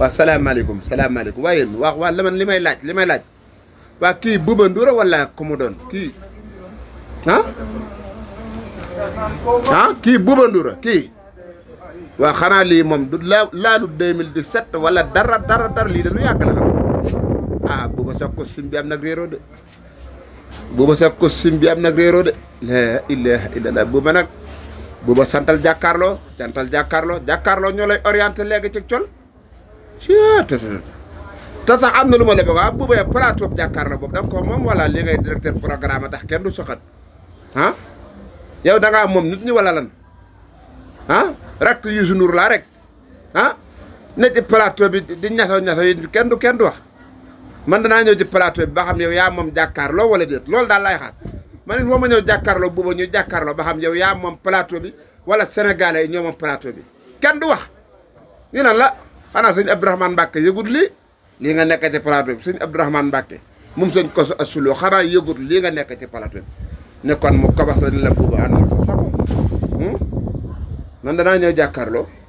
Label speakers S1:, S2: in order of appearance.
S1: waaw salaamaaleykum salaamaaleykum waaye yéen wax waa la man li may laaj li may laaj waa kii Bouba Ndour wala ku doon kii ah kii Bouba Ndour kii waaw xanaa lii moom du laalu 2017 wala dara dara dara lii de lu yàgg la xam ah Bouba sa costume bi am nag réeroo de Bouba sa costume bi am nag de la ilaha illallah Bouba nag Bouba santal jàkkaarloo santal jàkkaarloo jàkkaarloo ñoo lay orienté léegi ci col te sax am na lu ma la bëgg bu boobaa plateau bu jàkkaarloo boobu da nga ko moom wala li ngay directeur programme du soxat ah yow da ngaa moom nit ñi wala lan ah rakk Youssou Ndour laa rek ah ne ci plateau bi di ñasaw ñasaw yi kenn du kenn du wax man danaa ñëw ci plateau bi ba xam yow yaa moom jàkkaarloo wala déet loolu daal laay xaar man it moom ma ñëw jàkkaarloo bu boobaa ñu jàkkaarloo ba xam yow yaa moom plateau bi wala sénégalais yi ñoo moom plateau bi kenn du wax xanaa sëñ Abdourahmane Mbacke yëgut lii lii nga nekk ci plateau bi sëñ Abdourahmane Mbacke moom sëñ kosu asuloo xanaa yëgut lii nga nekk ci plateau bi ne kon mu kabas la ni la buuba àndal sa sago man hmm? jàkkaarloo